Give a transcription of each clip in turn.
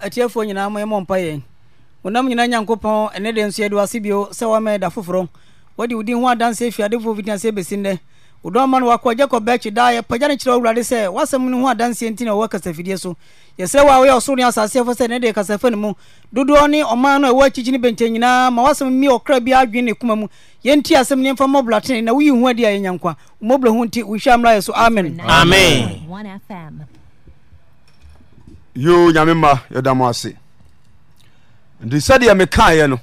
atiafoɔ nyinaa mo ɛmɔ mpa yɛn wonam nyinaa nyankopɔn ɛne de nso yɛde wase bio sɛ woama da foforɔ wode wo ho adanseɛ fi adefoɔ fitina sɛ bɛsi nnɛ wodɔ ma no wakɔ agya kɔ bɛkye daa yɛpagya no kyerɛ awurade sɛ woasɛm no ho adanseɛ nti na wɔwɔ kasafidie so yɛsrɛ wo a woyɛ ɔsoro ne asaseɛfo sɛ ne de kasafa no mu dodoɔ ne ɔman no ɛwɔ akyikyi ne bɛnkyɛ nyinaa ma woasɛm mi ɔkra bi adwene ne kuma mu yɛnti asɛm ne mfa mmɔblatene na woyi ho adi a yɛnyankwa mmɔbla ho nti wohwɛ mmra yɛ so amen amen, amen yoo nyame mma yɛda mo ase nti sɛdeɛ mekaeɛ no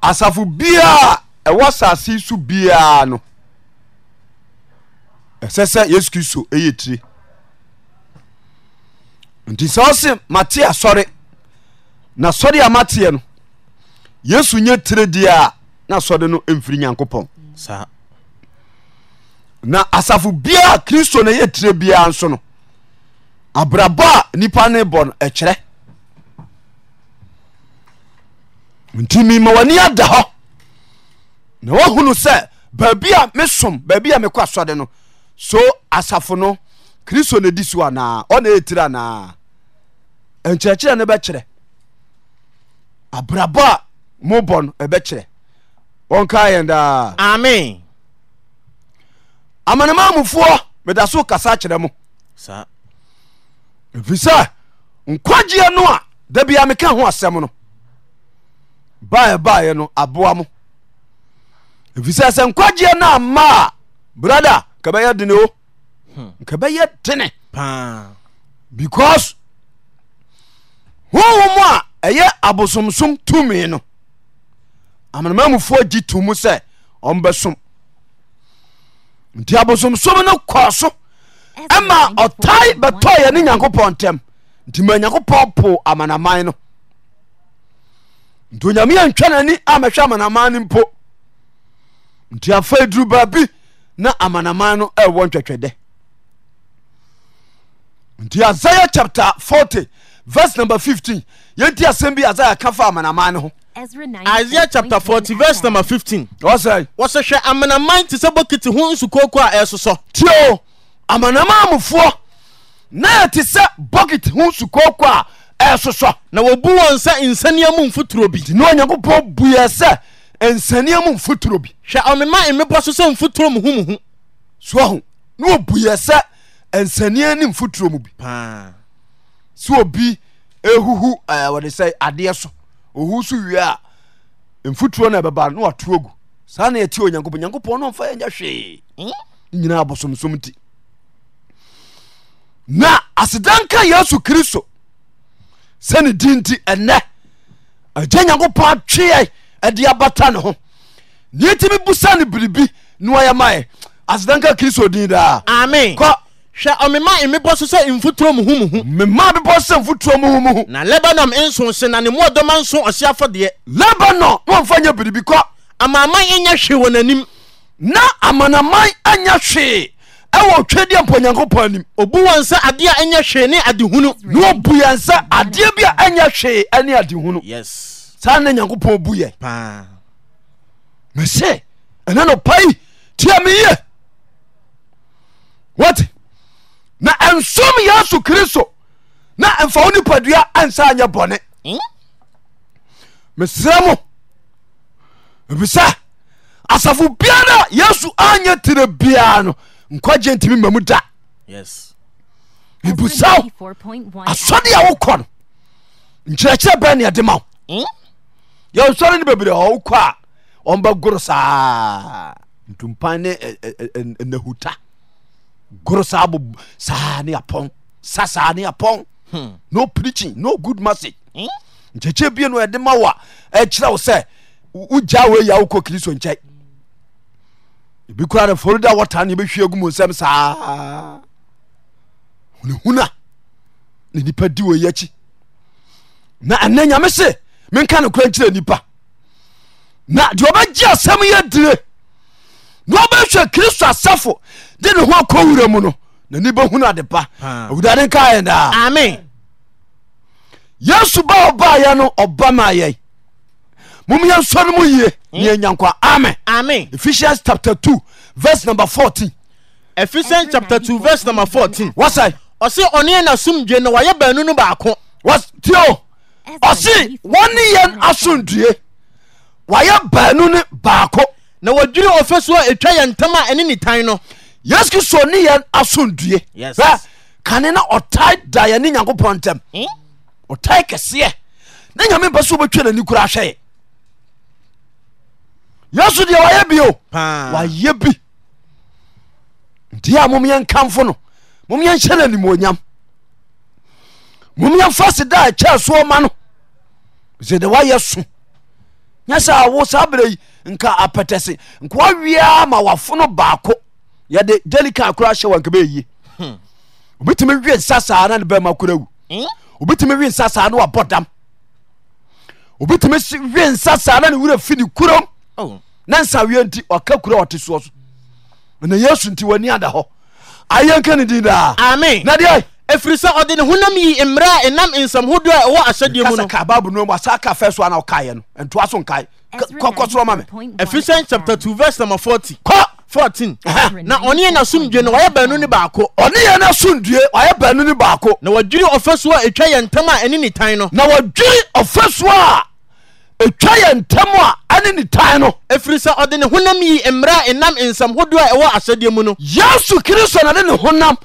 asafo biaa ɛwɔ asase so biara no ɛsɛ sɛ yesu kristo ɛyɛ tire nti sɛ ɔse mate asɔre na sɔre a mateɛ no yesu nyɛ tire deɛ a na sɔre no mfiri nyankopɔn na asafo biaa kristo no ɛyɛ tire biara nso no abrabɔ a nipa no bɔno kyerɛ ntimima wani ada hɔ na wohunu sɛ baabi a me som baabi a mekɔ asɔde no so asafo no kristo na di so anaa ɔne ɛɛtire anaa ɛnkyerɛkyerɛ ne bɛkyerɛ abraba a mo bɔno ɛbɛkyerɛ nka yɛndaa ame amanemaamufoɔ meda so okasa kyerɛ mo ɛfiri sɛ nkwagyeɛ no a da bia meka ho asɛm no baɛ baeɛ no aboa mo ɛfirsɛ sɛ nkwagyeɛ no amaa bratda nkɛ bɛyɛ dene o nkɛ bɛyɛ dene because hohomu a ɛyɛ abosomsom tumii no amanoma mufoɔ gye tom mu sɛ ɔmbɛsom nti abosomsom no kɔɔ so ɛma ɔtae bɛtɔɔ yɛne nyankopɔn ntɛm nti ma nyankopɔn po amanaman no nti ɔnyameyɛntwa noni amɛhwɛ amanaman no mpo nti afa iduru baabi na amanaman no wɔ ntwɛtwɛdɛ nti isaia chapte f0 vs numb f yɛnti asɛm bi isaia ka fa amanama no hoɛ ɔsɛhwɛ amanaman te sɛ bokiti ho nsukokuoa ɛsos tio amanama amofoɔ na ɔte sɛ boket ho sukoko a soso na wɔbu wɔ sɛ nsaneɛ mo mfotoro binonyankopɔn bu ɛ sɛ nsaneɛm mfotoro bi hwɛ ɔmema mebɔ so sɛ mfotoro muhomho nbu ɛ sɛ sanen foooɛb huhuwe sɛ adeɛ so hu se foonnyɔyakɔ na asedanka yesu kristo sɛne din nti ɛnɛ agya nyankopɔn atweɛ ɛde abata ne ho neɛtimi busa ne biribi na wayɛ maɛ asedanka kristo din daa amen kɔ hwɛ ɔmema mmepɔ so sɛ mfotuo muhumuhu mema bepɔ so sɛ mfotuo muhumuhu na lebanon nso se na ne muɔdɔma nso ɔse afɔdeɛ lebanon na ɔmfa nyɛ biribi kɔ amanaman ɛnyɛ hwee wɔ n'anim na amanaman anyɛ hwee ɛyɔsyɛ ee nedhnnɛnsa adeɛ a ɛyɛ hweeneadhunu saan nyankpɔbɛ sɛnɛnpa yi tia meye wt na nsom yesu kristo na mfa wo nipadua ansanyɛ bɔne hmm? mesrɛ m bisa asafo biaraa yesu ayɛ tirɛ biara no nkɔ gye ntimi ma mu da busao asɔde awokɔ no nkyerɛkyerɛ bɛ ne ɛde ma o hmm? yɛnsɔre no bebre wokɔ a ɔmbɛ goro saa ntupan ne nahuta goro saa saanapɔn ssanapɔn hmm. no preaching no ssge hmm? nkyekyɛɛ bino ɛdema wa ɛkyerɛ wo sɛ wogya wɛyi awokɔ kristo nkyɛ ahnahuna nanipad yaki na ɛnɛ nyame se menka nokora nkyerɛ nipa nadeɛ ɔbɛgye sɛmyɛ dire na ɔbɛhwɛ kristo asɛfo de ne ho kɔ wura mu no nanibahuna d pa yesu baɔbayɛ no ɔamayɛ momyɛ nsɔ no mu yie hmm? neɛ nyankwa ame amen ephesians chapter two, verse number fourteen. ephesians chapter two, verse number 14 wasai ɔse ɔne yɛ n'asomdwe na wayɛ baanu no baako tio ɔse wɔne yɛn asomdue wayɛ baanu ne baako na wɔdwiri ɔfasuo a ɛtwa yɛn ntam a ɛne ne tan no yesu kristo ne yɛn asomdue Yes. bɛ kane na ɔtae da yɛne nyankopɔn ntam ɔtae hmm? kɛseɛ na nyame mpɛ sɛ wobɛtwa n'ani kora ahwɛ yɛ yesu deɛ wayɛ bio wayɛ bi nti yɛ a momyɛ nkamfo no momyɛ nhyɛ no animuonyam momyɛmfa seda a ɛkyɛɛ soɔ ma no sɛ de wayɛ so nyɛ sɛ wo saa berɛ yi nka apɛtɛse nka wawiaa ma wafono baako yɛde jelika kora hyɛ wanka bɛɛyie hmm. obɛtumi we nsa saa na ne bɛma kora wu hmm? obɛtumi nsa saa na wabɔ dam obɛtumi we nsa saa na ne wura fi ne kurom oh na nsaweɛ nti ɔka kura ɔte soɔ so ɛna yesu nti w'ani ada hɔ ayɛnka ne din daa ame na deɛ ɛfiri sɛ ɔde ne honam yi mmerɛ a ɛnam nsɛm hodoɔ a ɛwɔ ahyɛdeɛ mu noka bible no asa ka fɛ so ana wokaeɛ no ɛntoa so nkae kɔkɔ sorɔ ma me ephesians chapter two verse number 40 kɔ 14 na ɔne yɛ n'asomdwe no wɔyɛ baanu ne baako ɔne yɛ n'asomdwe ɔyɛ baanu ne baako na wɔadwiri ɔfasuo a ɛtwa yɛn ntam a ɛne ne tan no na wɔadwiri ɔfasuo a ɛtwa yɛ ntɛm a ane netan no ɛfiri sɛ ɔde ne honam yi mmrɛa nam nsɛm hooɔ aɛwɔ asadeɛ mu no yesu kristo nadene honam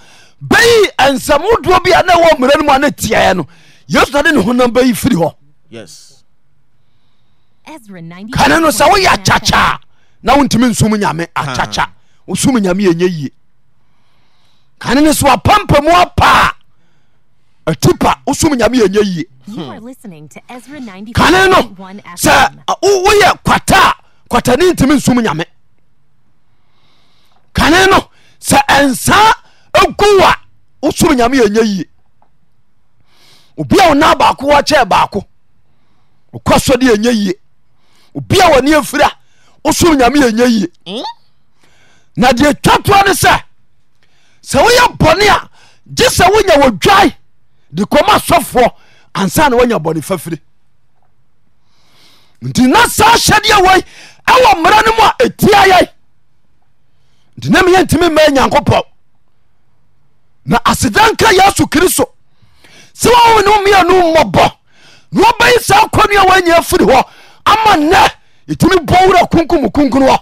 bɛyi nsɛm hooɔ bi anawɔmmanmnatiaeɛ n ydnoafiri hkane no sɛ woyɛ ayayaa na wontimi nsm nyame aa nyamee npapamu pa atipa wosom nyame yɛnya yie kane no sɛ woyɛ kwata a kwata ne ntimi nsom nyame kane no sɛ ɛnsaa aguw a wosom nyame yɛnya yie obi a wo na baako woakyɛɛ baako wokɔ sɔ de yɛnya yie obi a wo nne afira wo som nyame yɛnya yie eh? na deɛ twatua no sɛ sɛ woyɛ bɔne a gye sɛ wonya wo dwae de kɔma asɔfoɔ ansa na wanya bɔne fafire nti na saa hyɛdeɛ wei ɛwɔ mmara no mu a ɛtia yɛi nti na meyɛ ntimi mma nyankopɔn na asedanka yesu kristo sɛ wɔwo ne mmianu mmɔbɔ na wɔbɛyi saa kɔnnua wɔanya afiri hɔ ama nnɛ ɛtumi bɔ wura kunkum kunkun hɔ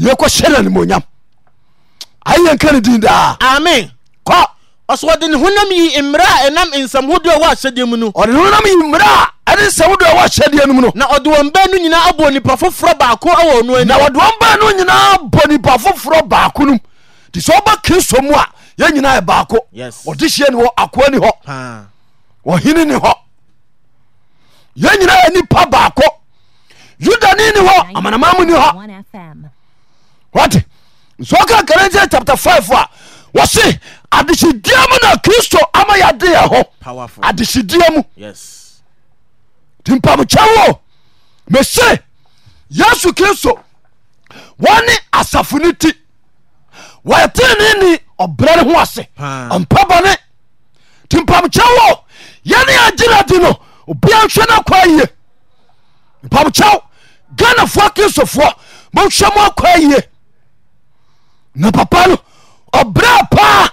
yɛkɔhyɛ na nimonyam ayɛ yɛnka ne din daa amen kɔ ɔsɛ ɔde ne honam yi mmerɛ a ɛnam nsɛmhodoɔ wɔ ahyɛdeɛ mu no ɔde ne honam yi mmerɛ a ɛne nsɛmhodoɔ wɔ ahyɛdeɛ no mu no na ɔde wɔn bɛɛ no nyinaa abɔ nipa foforɔ baako awɔ ɔno anim na ɔde wɔn bɛɛ no nyinaa bɔ nipa foforɔ baako nom nti sɛ ɔba kristo mu a yɛn nyinaa yɛ baako ɔde hyeɛ ne wɔ akoa ni hɔ ɔhene ni hɔ yɛn nyinaa yɛ nipa baako yudani ni hɔ amanamamu ni hɔ wɔte nso ɔka chapter five a wɔse adehyedia mu na kristo ama yɛde yɛ ho adehyedia mu nti mpamkyɛwo mese yesu kristo wɔne asafo no ti wɔyɛ tene ne ɔbrɛ ne ho ase ɔmpa bɔne nti mpamkyɛwo yɛne agyina di no obia nhwɛ no akwa yie mpamkyɛw ghanafoɔ kristofoɔ monhwɛ mo akwa yie na papa no ɔbrɛ paa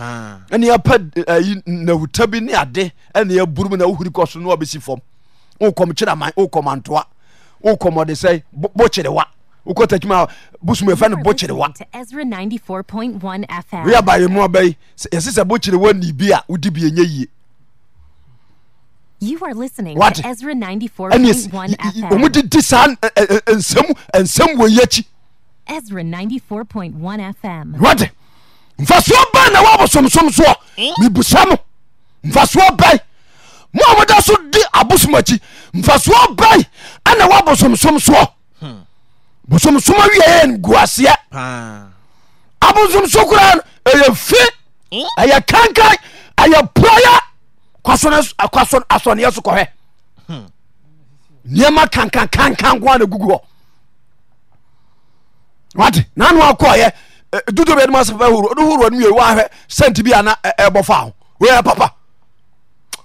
Ah. ɛne apanawuta eh, bi ne ade ɛneaburom na wohuri kɔso no wabɛsi fam wokm kherɛ wokɔm antoa wokɔmɔde sɛ bokhere wa wokɔtaimia bosmɛfɛ no bokherewaweabayemmoa bɛy yɛse sɛ bokhere wa nibi a wodi bienya yie omdedi saansɛm eh, eh, wɔ yaki mfasowo ba nawabosososo eh? mesam fasow ba moamoda so de abosomaki mfasowo ba nawabosososo hmm. ososomwaseɛ aososo kora y f yɛ kanan yɛ praya asnɛ so h nama kaaan nkyɛ dodo bɛɛ nimasɛ bɛ huru ɔno huru ɔno yɛ wahɛ sɛnti bi ana ɛbɔ fa ho wɔyɛ papa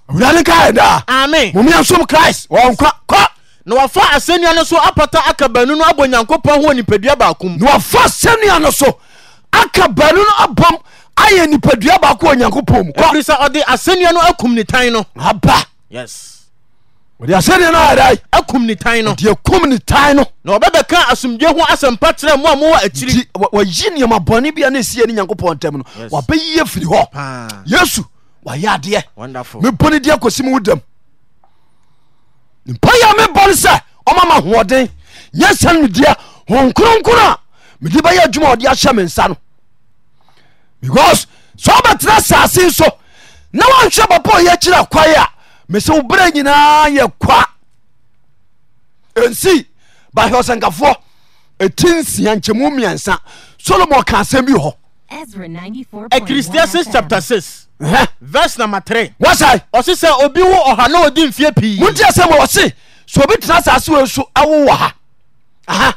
awurade ka yɛ daa ami mo mi asom christ wɔn kɔ kɔ. na wafa asɛnnua no so apata aka baanu no abɔ nyankopɔn ho nipadua baako mu. na wafa asɛnnua no so aka baanu no abam ayɛ nipadua baako wɔ nyankopɔn mu. efiri sɛ ɔde asɛnnua no akum ne tan no. aba yes. d asɛ niano kum no ta no e komne ta no ɛda ka asoa o sɛaɛ i ɔɛɛ ɛerɛ sae na aɛ ba yɛ kirɛ k mesɛ wo berɛ nyinaa yɛ kwa ɛnsi bahwɛ ɛti nsia nkyɛmu mmiɛnsa solomon ka asɛm bi hɔ ecclesiastes chapter 6 verse number 3 wasae ɔse sɛ obi wo ɔha na ɔdi mfie pii monti asɛm ɔse sɛ obi tena asase wei so ɛwowɔ ha aha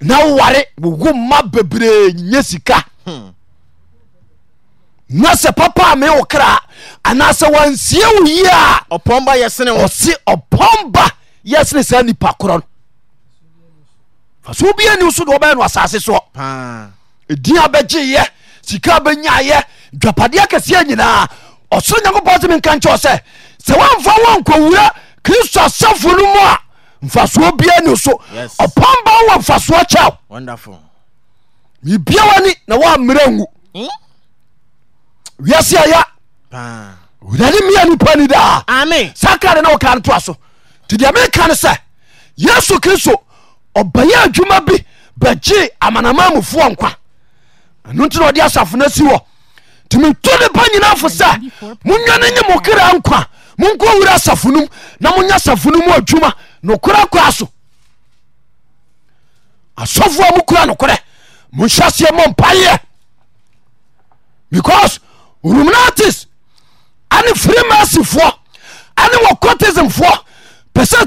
na woware wowo ma bebree nya sika hmm. na sɛ papaa me wo kraa anaasɛ wansie wo yie a ɔse ɔpɔm ba yɛ sene saa nnipa korɔ no fa sɛ wobia ni so de wɔbɛyɛ no asase soɔ ɛdin a bɛgyeyɛ sika bɛnyayɛ dwapadeɛ akɛseɛ nyinaa ɔsoro nyankopɔn timi nka nkyɛw sɛ sɛ woamfa wonkɔwura kristo asafo no mu a mfasoɔ bia ni so ɔpɔn ba wɔ mfasoɔ kyɛw mibia wani na woammerɛ ngu hmm? wiase aya wurade mia nipa ni daa saa de na wɔkra no toa so nti deɛ meka no sɛ yesu kristo ɔbɛyɛ adwuma bi bɛgye amanama mufoɔ nkwa ɛno nti na ɔde asafo no si wɔ nti meto ne pa nyinaa fo sɛ monwa no nye mo kra nkwa monkɔ wura asafo nom na monyɛ asafo no mu adwuma nokora kora so asɔfoɔ mokura nokorɛ monhyɛ seɛ mɔ mpayɛ because ruminatis ane freemasyfoɔ ane wɔcotismfoɔ pɛ sɛ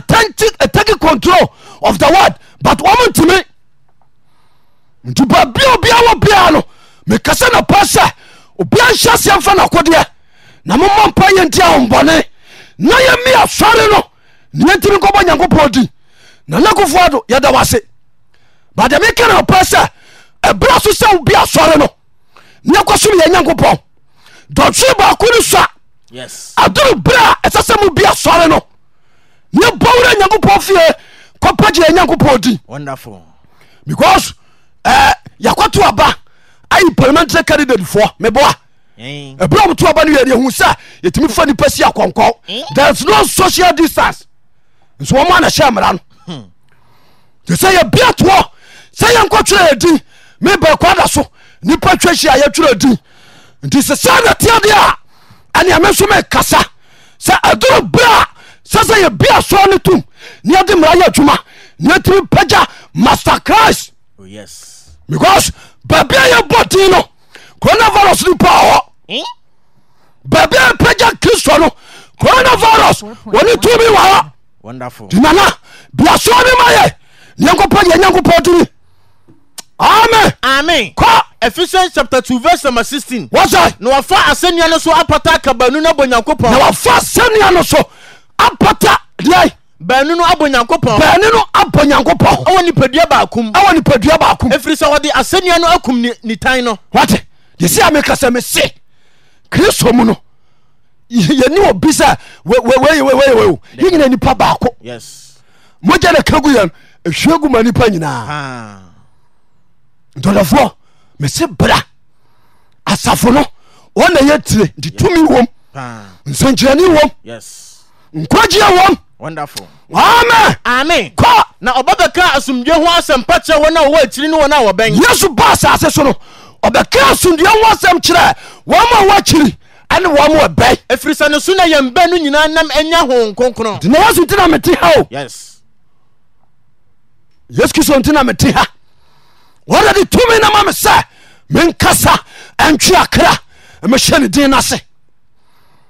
eh, take control of the world but wɔmo ntimi nti ba bia obia wɔ bia no mekasɛ napa sɛ obia nhyɛ seɛ mfa nakodeɛ na momɔ mpa yɛ nti ahombɔne na yɛmi asɔre no neatimi kobɔ yankopɔn di nane kooo yasaɛa oro brɛ saɛir yakop kyakopika aoia dia somna syɛ mmra nsɛbia t sɛyɛnk rɛin mebakada so nipa ɛrɛiaaia maecriseaɛbɔ n ronavirus ne pah bipa kristo n ronavirs ne tmiwa nana biaso ne ma yɛ nyankopɔn yɛ nyankopɔn tumi amen amen kɔ Ephesians chapter two verse number sixteen. wọ́n sọ. na wàá fa asẹ́nìyà so apata kabanu náà bọ̀ nyankopɔn. na wàá fa asẹ́nìyà so apata diẹ. bẹẹni nu abọ nyankopɔn. bẹẹni nu abọ nyankopɔn. ɛwɔ nipadua baako mu. ɛwɔ nipadua baako mu. efiri sɛ wɔde no akum ni ni tan no. wate yasi ame kasa me se kristu mu no yɛni ɔ bisa y yɛnyina nnipa baako mogya na ka gu yan hɛ guma nnipa nyina ntdɔfoɔ mɛsi bra asafo no ɔna yɛ tir nti tm wm nskyerɛnewm nkoagyia womyesu ba asase so no ɔbɛka asmda ho asɛmkerɛ ma wakyiri nwmbɛfirisanso nayaɛno yina nam ya hokoskasa tkra ɛn nse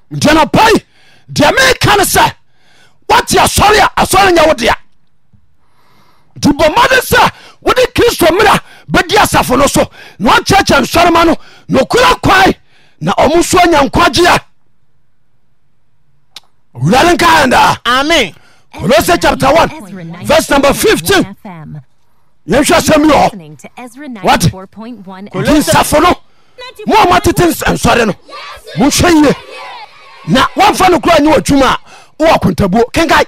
nnp dɛ mekan sɛ wate asɔsɔe yɛ wodea nti bɔ made sɛ wode kriso mer d asafo noso s na ɔmo so anya nkwagyeɛ owurade nkaandaa amen kolose chapter 1 verse number 15 yɛnhwɛ asɛm yɛ hɔ what nti nsafo no mo a moatete nsɔre no monhwɛ yie na wɔmfa no kora nyɛ w'adwuma a wowɔ akontabuo kenkae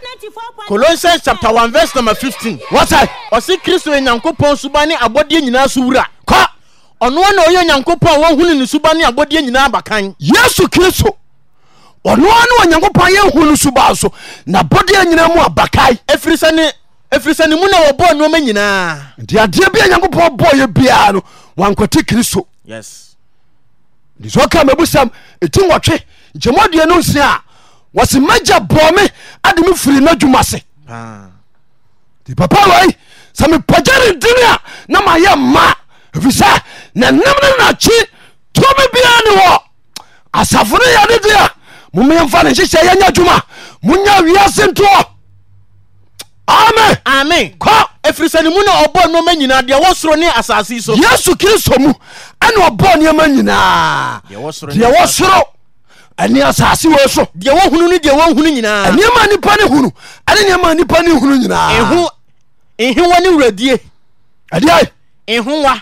colossians chapter 1 verse number 15 wɔsɛ ɔse kristo onyankopɔn suba ne abɔdeɛ nyinaa so wura kɔ ɔno ana ɔyɛ onyankopɔn a wɔhunu ne suba ne abɔdeɛ nyinaa bakan yesu kristo ɔno ana onyankopɔn yɛhu no suba so na bɔdeɛ nyinaa mu abakae ɛfiri sɛ ne ɛfiri sɛ ne mu na wɔbɔɔ nnoɔma nyinaa nti adeɛ bi a nyankopɔn bɔɔyɛ biara no wankɔte kristo yes nti sɛ ɔka mabusam ɛti wɔtwe nkyɛmɔdeɛ no nsia a wɔse magya bɔɔ me ade me firi n'adwuma se nti papa wei sɛ mepagya ne dini a na mayɛ maa efisɛ na nam no nakyi tome biaa ne wɔ asafo no yɛ ne dea momeyɛmfa ne nhyehyɛ yɛnya adwuma monya wiase ntoɔ ame kɔ ɛfiri sɛ ne mu na ɔbɔ nnoɔma nyinaa deɛ wɔ soro ne asase so yesu kristo mu ɛne ɔbɔ nneɛma nyinaa deɛ wɔ soro ɛne asase wɔ so deɛ wɔhunu no deɛ wɔhunu nyinaa nneɛma nipa ne hunu ɛne nneɛma nipa ne hunu nyinaa ɛhu ɛhiwa ne wuradie ɛdeɛ ɛhowa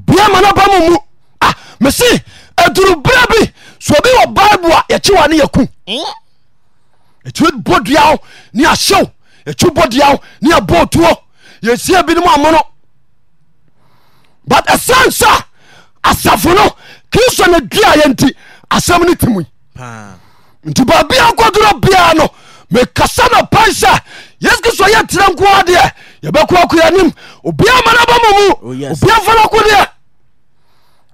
bia ma nobamu mu misi ah, aduruberɛ bi soobi wɔ bible a yɛkyiwa ne yaku ki bda neykia ne bto yɛsia binom amono but asensa asafo no kriston duayɛnti asɛm no timi nti ba biaa koduro biara no mekasa na pai sɛ yesu kristo yɛ terɛ nkoa deɛ yɛbɛko akoa anim obia mana ba mɔ mu obia fa no oh, ko deɛ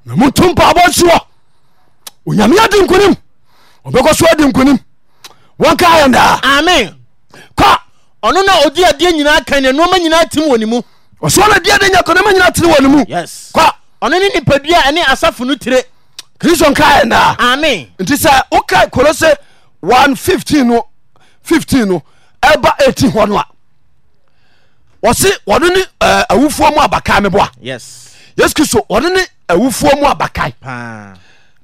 na motom paabɔ hyiwɔ onyame adi nkonim ɔbɛkɔ so adi nkonim wɔnka ayɛ daa amen kɔ ɔno na ɔdi adeɛ nyinaa kan ne nnoɔma nyinaa tim wɔ ne mu ɔsɔ na deɛ de nya kɔnɔma nyinaa tene wɔ ne mu kɔ ɔno ne nipadua ɛne asafo no tire kristo nka ayɛ daa amen nti sɛ wokae kolose 115 no 15 no ɛba ɛti hɔ n a ɔse ɔno ne eh, awufuɔ mu abakae me bɔa yeskri so ɔno ne awufoɔ mu abakae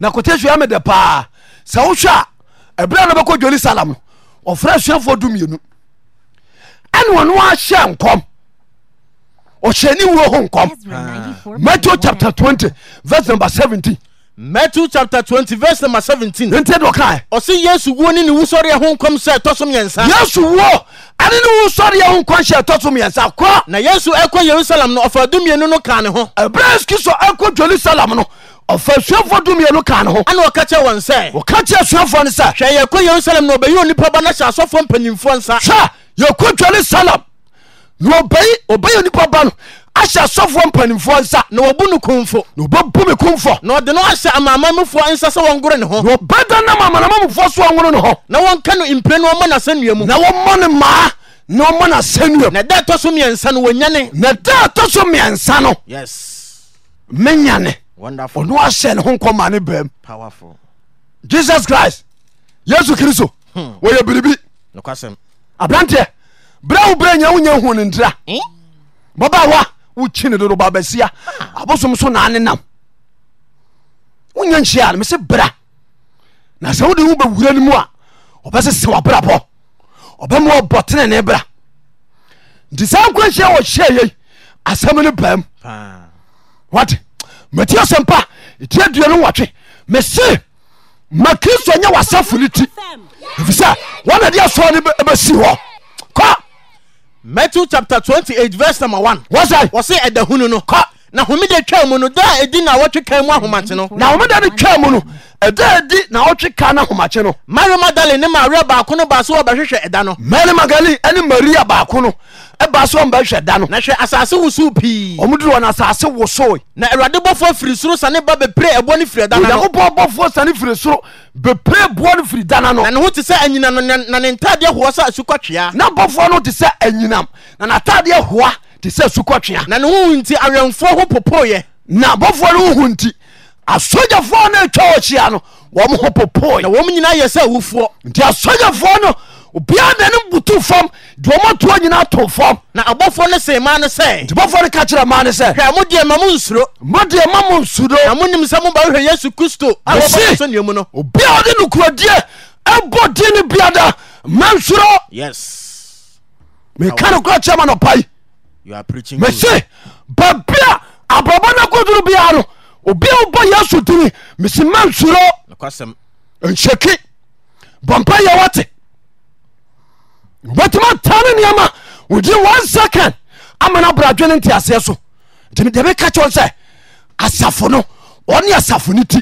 na kotɛhiaa me dɛ paa sɛ wohwɛ a abrɛ a na bɛkɔ djerusalem no ɔfra asuafoɔ dumenu ɛne ɔno aahyɛ nkɔm ɔhyɛ ne wo hɔ nkɔmmat cha 20 vsn7 Matthew chapter twenty verse number seventeen. Nti dɔ ka yi. Ɔsi Yesu wo ni ni wusɔre ɛho nkɔm sɛ ɛtɔ so mmiɛnsa. Yesu wo ani ni wusɔre ɛho nkɔm sɛ ɛtɔ so mmiɛnsa kɔ. Na Yesu ɛkɔ Yerusalem no ɔfa du mmienu no kaa ne ho. Ɛbrɛ esiki so ɛkɔ Jerusalem no ɔfa suafoɔ du mmienu kaa ne ho. Ana ɔka kyerɛ wɔn sɛ. Ɔka kyerɛ suafoɔ no sɛ. Hwɛ yɛkɔ Yerusalem na ɔbɛyi onipa ba na hyɛ asɔfoɔ mpanyinfoɔ nsa. Hwɛ yɛkɔ Jerusalem onipa ba no ahyɛ asɔfoɔ mpanimfoɔ nsa na wɔbu no kumfo na wɔbɛbu me kumfo na ɔde no ahyɛ amanamanmufoɔ nsa sɛ wɔngore ne ho na wɔbɛda nam amanamanmufoɔ so ɔnwono ne hɔ na wɔnka no mpire no ɔmmɔ n'asɛnnua mu na wɔmmɔ ne maa na ɔmmɔ n'asɛnnua mu na da ɛtɔ so mmiɛnsa no wɔnya ne na da ɛtɔ so mmiɛnsa no yes menya Wonderful. ɔno ahyɛ ne ho nkɔ ma ne bɛm jesus christ yesu kristo hmm. wɔyɛ biribi aberanteɛ berɛ wo berɛ nya wonya hu ne ntira eh? bɔba wa ochin babesia ah. bosom sonne nam oyasse bradwnmseraombo tnbra ti sa kas oseye asemino bamtspa s ma risto ye sefon ti aned sonbesio matthew chapter twenty eight verse number one. wọ́n sẹ́. wọ́n sẹ́ ẹ̀dá hunu no. kọ́. na homeda twa mu no da a ɛdi na wɔtwe kan mu ahomakye no na homeda no twa mu no ɛda a ɛdi na wɔtwe kan no ahomakye no mary magdalene ne maria baako no baa so wɔbɛhwehwɛ ɛda no mary magdalene ne maria baako no ɛba so ɔmbɛhwɛ da no na hwɛ asase wosow pii ɔmoduru wɔ no asase wosoe na awurade bɔfoɔ firi soro sane ba beprɛ ɛboɔ no firi ɛda no onyankopɔn bɔfoɔ sane firi soro beprɛ boɔ no firi dana no na ne ho te sɛ anyina no na ne ntadeɛ hoɔ sɛ asukɔtwea na bɔfoɔ no te sɛ anyinam na natadeɛ hoa te sɛ asukɔtwea na ne ho nti awɛmfoɔ ho popoeɛ na bɔfoɔ no wohu nti asogyafoɔ no atwa wɔ no wɔm ho popoe na wɔm nyinaa yɛ sɛ awufoɔ nti asogyafoɔ no obiaa nanom butu fam de ɔmatoa nyina to fam na abɔfoɔ no se ma no sɛ nti bɔfoɔ no ka kyerɛ ma no sɛ hwɛ mo deɛ ma mo nsuro mo deɛ ma mo nsuro na monim sɛ mobɛhwehwɛ yesu kristo a wɔbɛso nneɛmu no obiaa ɔde nokuradie ɛbɔ din no biada mansuro yes meka no kora kyerɛ ma nɔpae mese baabi a abrabɔ no akodoro biaa no obia wobɔ yesu dini mese mansuro nhyɛki bɔmpa yɛ wɔte batimi tane neama de one sekon amana bradwene nti aseɛ so ameas asafo no ɔne asafo no ti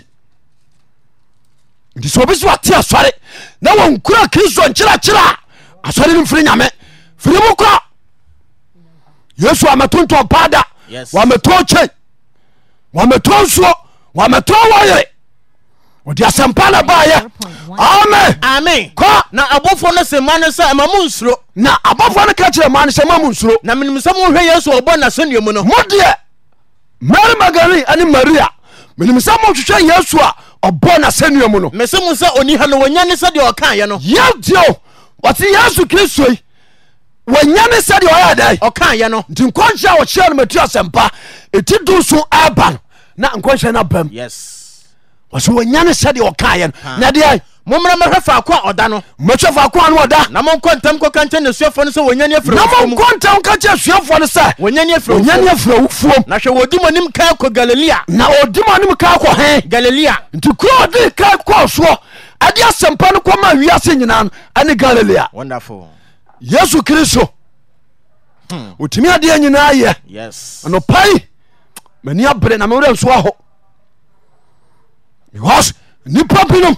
nisobisɛ ate asare n kura kriso kyerakera asare nfri yae firimo kra yes wmatotobada to t suotrowyer ɔde asɛmpa no bayɛ ame ame kɔ na abɔfoɔ no sɛ ma no sɛ ɛma mo nsuro na abɔfoɔ no ka kyerɛ ma no sɛ ma mo nsuro na menim sɛ mohwɛ yesu ɔbɔ n'asɛnnua mu no mo deɛ mary magdalene ane maria menim sɛ mohwehwɛ yesu a ɔbɔ n'asɛnnua mu no mese mo sɛ ɔni ha no wɔnya ne sɛdeɛ ɔkaeɛ no yɛdio ɔte yesu kristo yi wɔnya ne sɛdeɛ ɔyɛ dɛn ɔkaeɛ no nti nkɔnhyɛ a wɔkyerɛ no matu asɛmpa ɛti do so aba na nkɔnhyɛ no abam wɔnyane sɛdeɛ wɔkaɛ no na deɛ momra mɛhwɛ faako a ɔda no mɛhwɛ faako a no ɔda na monkɔ ntam kɔka nkyɛ ne nasuafoɔ no sɛ wɔnyane afiri na monkɔ ntam ka kyɛ asuafoɔ no sɛ wɔnyane afiri wɔnyane awufuom na hwɛ wɔdi mo anim kaa kɔ galilea na ɔdi mo anim kaa kɔ he galilea nti kuro ɔde ka kɔɔ soɔ ɛde asɛmpa no kɔma wiase nyinaa no ɛne galilea yesu kristo ɔtumi hmm. adeɛ nyinaa yɛ anɔpa yi m'ani abere na mewerɛ nso ahɔ because nipa binom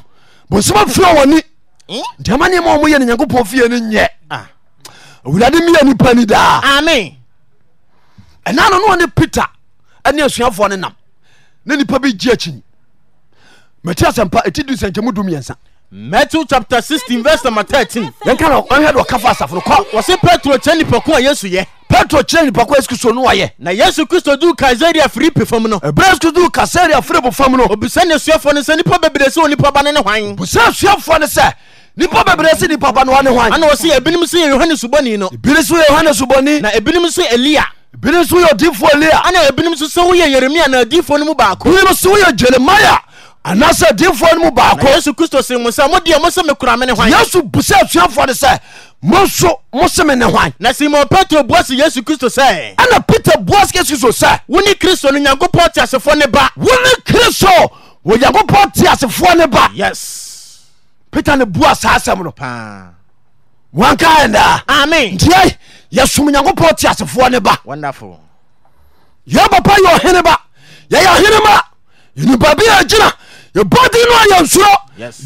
bonsɛma fie wɔni hmm? ntɛma nneɛma ɔmo yɛ no nyankopɔn fie no nyɛ ah. awurade meyɛ nipa ni daa ɛna no ne ɔne peter ɛne asuafoɔ no nam ne nipa bi gye akyinyi mɛti asɛmpa ɛti du nsɛnkyɛmu du miɛnsa matthew chapter sixteen verse number 13 yɛnka na ɔhwɛ de ɔka fa asafo no kɔ wɔse petro kyɛ nipako a yesu yɛ petro kyerɛ nnipa kɔ yesu kristo no wɔyɛ na yesu kristo duu kaesarea filipi fam no ɛberɛ yesu kristo duu kaesarea filipo fam no obisa ne asuafoɔ no sɛ nnipa bebree sɛ onipa ba no ne hwan busa asuafoɔ no sɛ nipa bebree sɛ nipa ba no wa ne hwan ana wɔse ebinom sɛ yɛ yohane subɔni no ebinom nso yɛ yohane subɔni na ebinom nso elia ebinom nso yɛ odiifoɔ elia ana ebinom nso sɛ woyɛ yeremia na adiifoɔ no mu baako ebinom nso woyɛ jeremia anasɛ dimfo no mu baakɔyesu busɛ asuafoɔ no sɛ moso mosemene hanɛn peta asokyankpɔ tsfoɔn bapeter n bua saasɛmo pa wakaɛa dɛ yɛsom onyankopɔn teasefoɔ n baaaa aina ibɔ di no ayɛ nsuro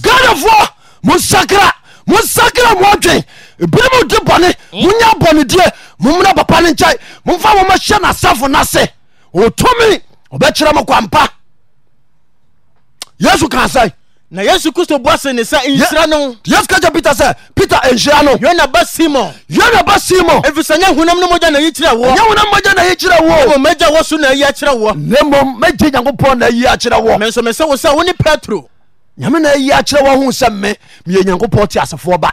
gadafoɔ mosakara mosakara moajwen ibiri mi ode bɔne moya mm. bɔne die momena papane nkhee mofa momashɛ naasafo nase o tome obɛ kherɛ mo kwampa yesu ka sei yesu kriso ossyesa ɛ peter sɛ peter nhyira nosnba simonɛkrɛɛ na mo mɛgye nyankopɔn naayi akyerɛ wɔo wone petro nyame na ayi akyerɛ woho sɛme meyɛ nyankopɔn te asefoɔ ba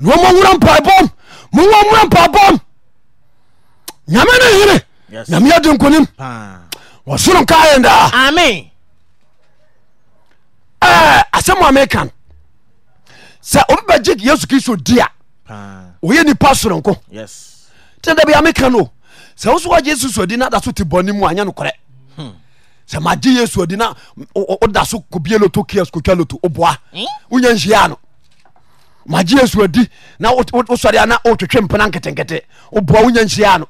nwra mpabom mowra mpabom Nyame ne yere yameyade nkonim osoro kayendaa ame asɛm amekan sɛ obɛbɛgye yesu kristo di a oyɛ nipa soronko tda bia meka no sɛ woso wagye yesu suadi no da so te bɔne mu anyɛ nokorɛ sɛ magye yesu adi na woda so kobie loto kias kotwa loto woboa wonya nhyiaa no magye yesu adi na wosɔre ana wotwetwe mpena nketenkete woboa no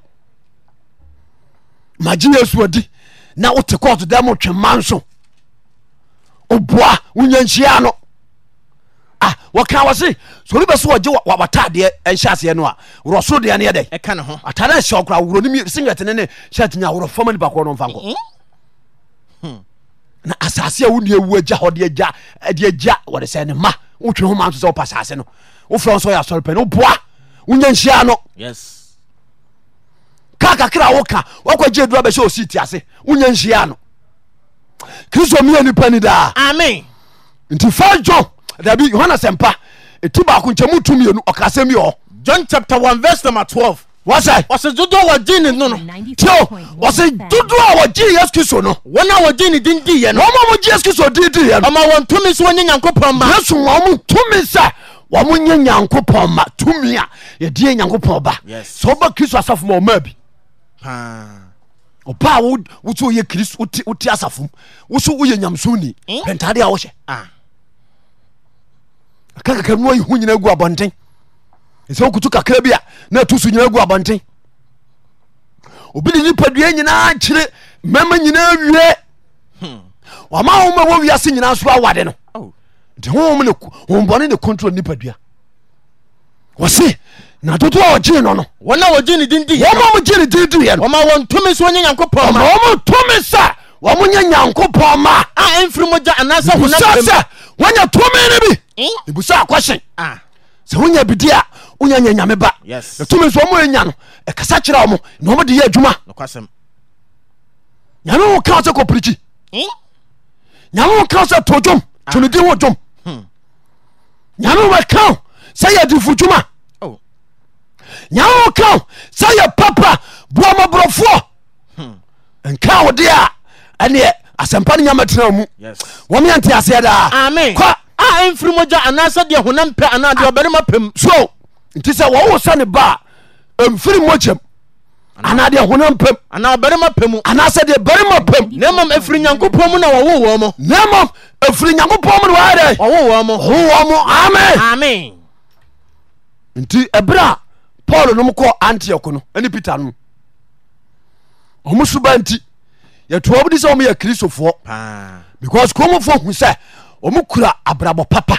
magye yesu adi na wote kɔɔto dɛ mo ma nso woboa wonya nhyia no ah, wɔka wɔ se so wɔgye ɛnhyɛ aseɛ no a deɛ ne ne ho atade worɔ ne ne worɔ nipa korɔ no mfa nkɔ mm-hmm. na asase a wo wu agya hɔ de agya de agya wɔde sɛ ne ma wotnhoma sɛ wopa saase no wofrɛ nsyɛasɔrepɛnioboa wonyanhyiaa no kaa kakra woka waka gye dura bɛhyɛ wositiase wonya nhyiaa no kristo mia nipa ni daaam nti fi jon haabi yohane sɛmpa ɛti baako nkyɛmutumenu ɔkaa sɛm bi ɔɔ jv2 wɔsɛ wɔsɛ dodo a wɔgye ne no no tio wɔsɛ dodo a wɔgye yesu kristo no wɔn a wɔgye ne din di yɛ no wɔn a wɔgye yesu kristo din di yɛ no ɔma wɔn tumi so wɔnyɛ nyankopɔn ma yesu wɔn mu tumi sɛ wɔn mo nye nyankopɔn ma tumi a yɛdie nyankopɔn ba sɛ ɔba kristo asafo ma ɔmaa bi ɔba a wotu oyɛ kristo wote asafo mu woso woyɛ nyamsoni eh? pɛntade a ah. wɔhyɛ kakakanu ayi ho nyinaa gu abɔnten sɛ okotu kakra bia na to so yina gu bɔt obi nipadua yina kir mɛma yina wiema ise yinaow nopa a n nya nyankopɔmy tmn b y ayaaa rɛuma yamoka spr aa oamkasɛydfo uma yamoka sɛypapa brf kaden asmpa ne hmm. yamu oh. hmm. nts ntisɛ wɔwo sane baa mfiri mɔkyam anadeɛ hona mpamanasɛdeɛ barimɔ pɛmɛfiri nyankopɔn mu n ɔwowm ɛfiri nyankopɔn mɛwowm nti ɛberɛa paul nom kɔɔ antiok no ne pete no ɔmoso ba nti yɛtoɔd sɛ ɔmyɛ kristofoɔ bu komfo usɛ ɔmo kura abrabɔ papa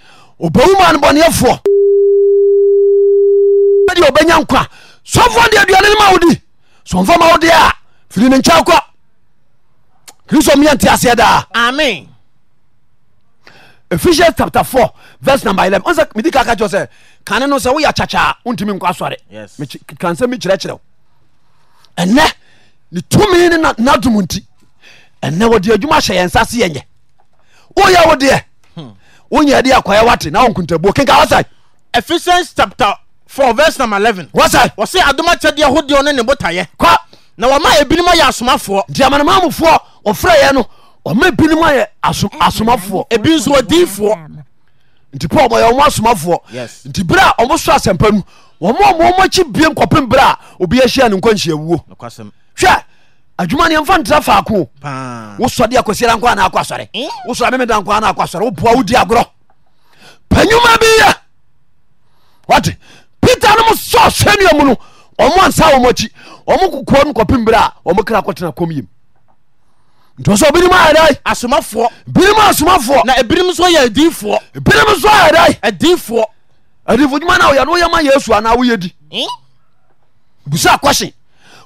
obawuma no bɔneɛfoɔ deɛ obɛnya nkwa sɔfoɔ deɛ aduane no ma wodi sɔmfa ma wodeɛ a firi ne nkyɛ kɔ kristo meyɛ nte aseɛ daa amen ephesians chapter four, verse number 11 ɔsɛ medi kaka kyɛ sɛ kane no sɛ woyɛ akyakyaa wontumi nkɔ asɔre kan sɛ mekyerɛkyerɛw ɛnɛ ne tumi ne nadom nti ɛnɛ wɔde adwuma hyɛ yɛn nsa se yɛnyɛ woyɛ wo deɛ wonya de akɔyɛ wate na wonkontabuo kenka wasae ephesians chapter 4 verse number 11 wasae wɔse adoma kyɛdeɛ hodeɛ ne ne botayɛ kɔ na wɔma ebinom ayɛ asomafoɔ nti amanamamufoɔ ɔfrɛ yɛ no ɔma ebinom ayɛ asom- asomafoɔ ebi nso odiifoɔ nti paul ɔyɛ ɔmo asomafoɔ Yes. nti berɛ a ɔmo so asɛmpa nu wɔmo ɔmo ɔmo akyi bie nkɔpem berɛ a obi ahyia ne nkwanhyia wuo hwɛ adwuma ne yɛmfa ntera faako wosɔde akɔsiara nkɔ ana akɔ asɔre eh? wosɔre memeda nkɔ ana akɔ asɔre woboa wodi agorɔ panyuma bi yɛ wate peter no mo sɔ sɛnea mu no ɔmo ansa wɔ mo akyi ɔmo kokoa no kɔpem berɛ a ɔmo kra kɔtena kɔm yim nti sɛ ayɛdai asomafoɔ binom asomafoɔ na ebinom nso yɛ adiifoɔ binom nso ayɛdai adiifoɔ adiifo dwuma no a woyɛ no woyɛ ma yesu anaa woyɛ di eh? busa question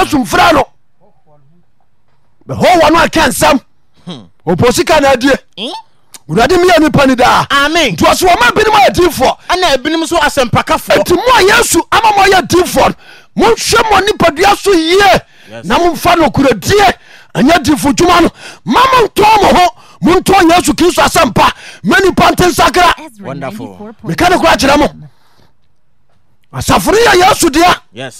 yesu mfra no bɛhɔ wa no aka nsɛm hmm. ɔpɔ sika na adie hmm? wurade meyɛ nipa ni daa nti ɔso wɔma binom ayɛ difoɔ ɛna ebinom nso asɛmpakafoɔ nti mo a yesu ama mo ayɛ difoɔ no monhwɛ mɔ nipadua so yie na momfa nokoradie ɛnyɛ difo dwuma no ma montɔ mo ho montɔ yesu kristo asɛmpa ma nipa nte nsakra meka ne kora kyerɛ mo asafo no yɛ yesu dea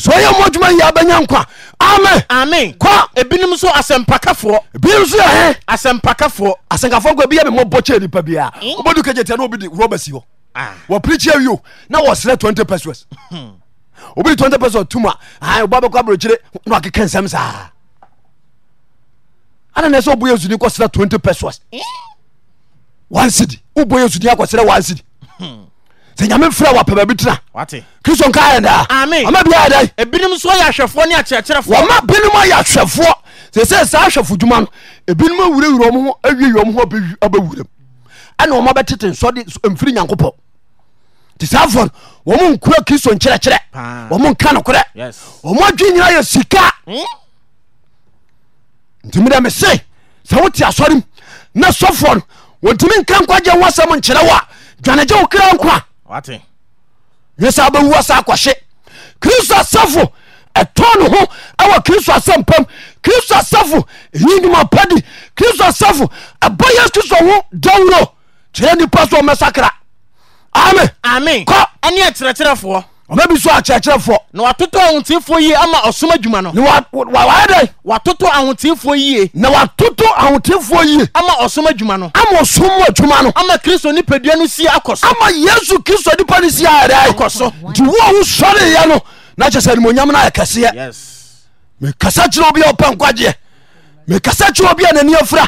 sɛ ɔyɛ mmɔ adwuma yɛ bɛnya nkwa ame amen kɔ ebinom so asɛmpakafoɔ ebinom so yɛ hɛ asɛmpakafoɔ asɛnkafoɔ kɔ ebi yɛ bɛmmɔ bɔ kyɛ nipa bia wobɛdu eh? kɛgye tia na obi de rɔba si hɔ ah. wɔpirikyi awie o na wɔserɛ 20 pesos hmm. obi de 20 pesos tum a ɔba bɛkɔ aborɔkyire na wakeka nsɛm saa ana na ɛsɛ eh? wobɔ yɛ suni kɔserɛ 20 pesos wansidi wobɔ yɛ suni akɔserɛ wansidi sɛ nyame frɛ wɔ pɛ baabi tera kristo nka yɛ daaɔma biayɛ dɛ ebinom so yɛ ahwɛfoɔ ne akyerɛkyerɛfoɔ ɔma binom ayɛ ahwɛfoɔ sɛ sɛ saa ahwɛfo dwuma no ebinom awurawura ɔmo ho awie ɔmo ho abɛwuram ɛna ɔmo abɛtete nsɔde mfiri nyankopɔn nti saa afɔ no wɔn nkura kristo nkyerɛkyerɛ wɔn nka nokorɛ wɔn adwi nyinaa yɛ sika hmm? nti mi dɛ sɛ wote asɔre mu na sɔfoɔ no wɔntumi nka nkwagye wɔn asɛm nkyerɛ wɔ a dwanagye wo kra nkwa yɛ sɛ bɛwua sa kɔhye kristo asafo ɛtɔ ne ho ɛwɔ kristo asɛm pam kristo asafo ɛyi nnwuma padi kristo asafo ɛbɔ yesu kristo ho dawuro kyerɛ nnipa so ɔmɛsakra ame ɛne ɛkyerɛkyerɛfoɔ ɔma bi so akyerɛkyerɛfoɔ na watotɔ ahoteefoɔ yie ama ɔsom adwuma no wayɛ dɛn watotɔ ahoteefoɔ yie na watotɔ ahoteefoɔ yie ama ɔsom adwuma no ama ɔsom adwuma no ama kristo nipadua no sie akɔ so ama yesu kristo nipa no sie ayɛdɛ akɔ so nti wo a wosɔreyɛ no na kyɛ sɛ animonyam no ayɛ kɛseɛ mekasa kyerɛ obi a ɔpɛ nkwagyeɛ mekasa kyerɛ obi a n'ani afira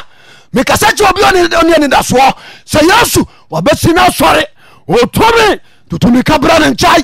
mekasa kyerɛ obi a ɔne anidasoɔ sɛ yesu wabɛsi no asɔre ɔtumi totomika bra ne nkyɛe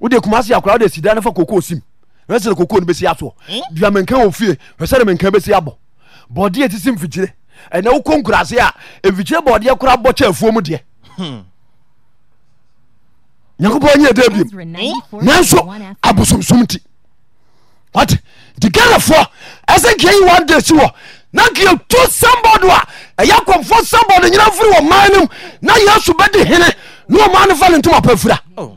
wode kumase akora wode sida no fa kokoo sim ɛsɛ sɛ kokoo no bɛsi asoɔ hmm? dua menka wɔ fie ɛsɛ ne menka bɛsi abɔ bɔdeɛ ɛti si mfikyire ɛnɛ wokɔ nkurase a ɛfikyire bɔdeɛ kora bɔ kyɛ afuo mu deɛ hmm. nyankopɔn nyɛ da bim nanso abosomsom nti wat nti ghanafoɔ ɛsɛ nkia yi one day si wɔ na nkia tu sambɔdo a ɛyɛ akɔmfoɔ sambɔdo nyina mfiri wɔ man nom na yɛsu bɛde hene na ɔma no fa ne ntom apɛ fira oh.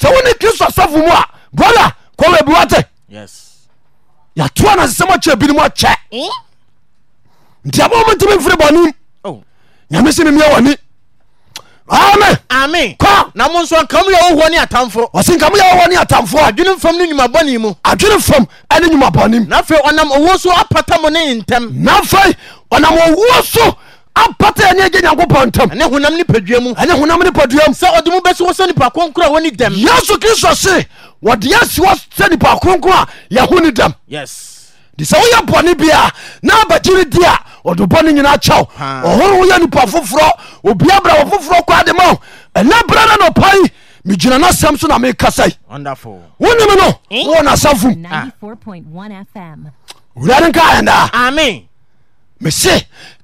s wene khristo safo mu a boa kobiwate yatoans sɛmche binmchɛ ntbmtmfr bn yames memiwnimamtmf ane fam ane uma bn apn nyankopyesu kristo se wɔdeasi wɔsɛ nipa kronk a yɛho ne dam d sɛ woyɛ bɔne bia nabakiri deɔnaaryɛnipa foforrfoformɛnɛbra a nɔpa meyinanosɛmsona mekasai wonem nonsafoea mese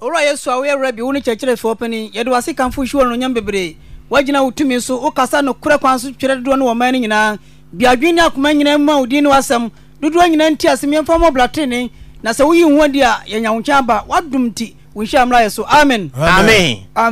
owura yesu a woyɛ bi wo ne kyerɛkyerɛfoɔ pani yɛde wase kamfo hyi wɔ nonyam bebree woagyina wo tumi so wokasa nokorɛ kwan so twerɛ dodoɔ no wɔ man no nyinaa biadwen ne akoma nyina mu a wo din ne wasɛm dodoɔ nyinaa nti asɛm yɛmfa mmɔbra tene na sɛ woyi ho adi a yɛnya wo nkyɛn aba woadom nti wo nhyia mmra yɛ so amen, amen. amen.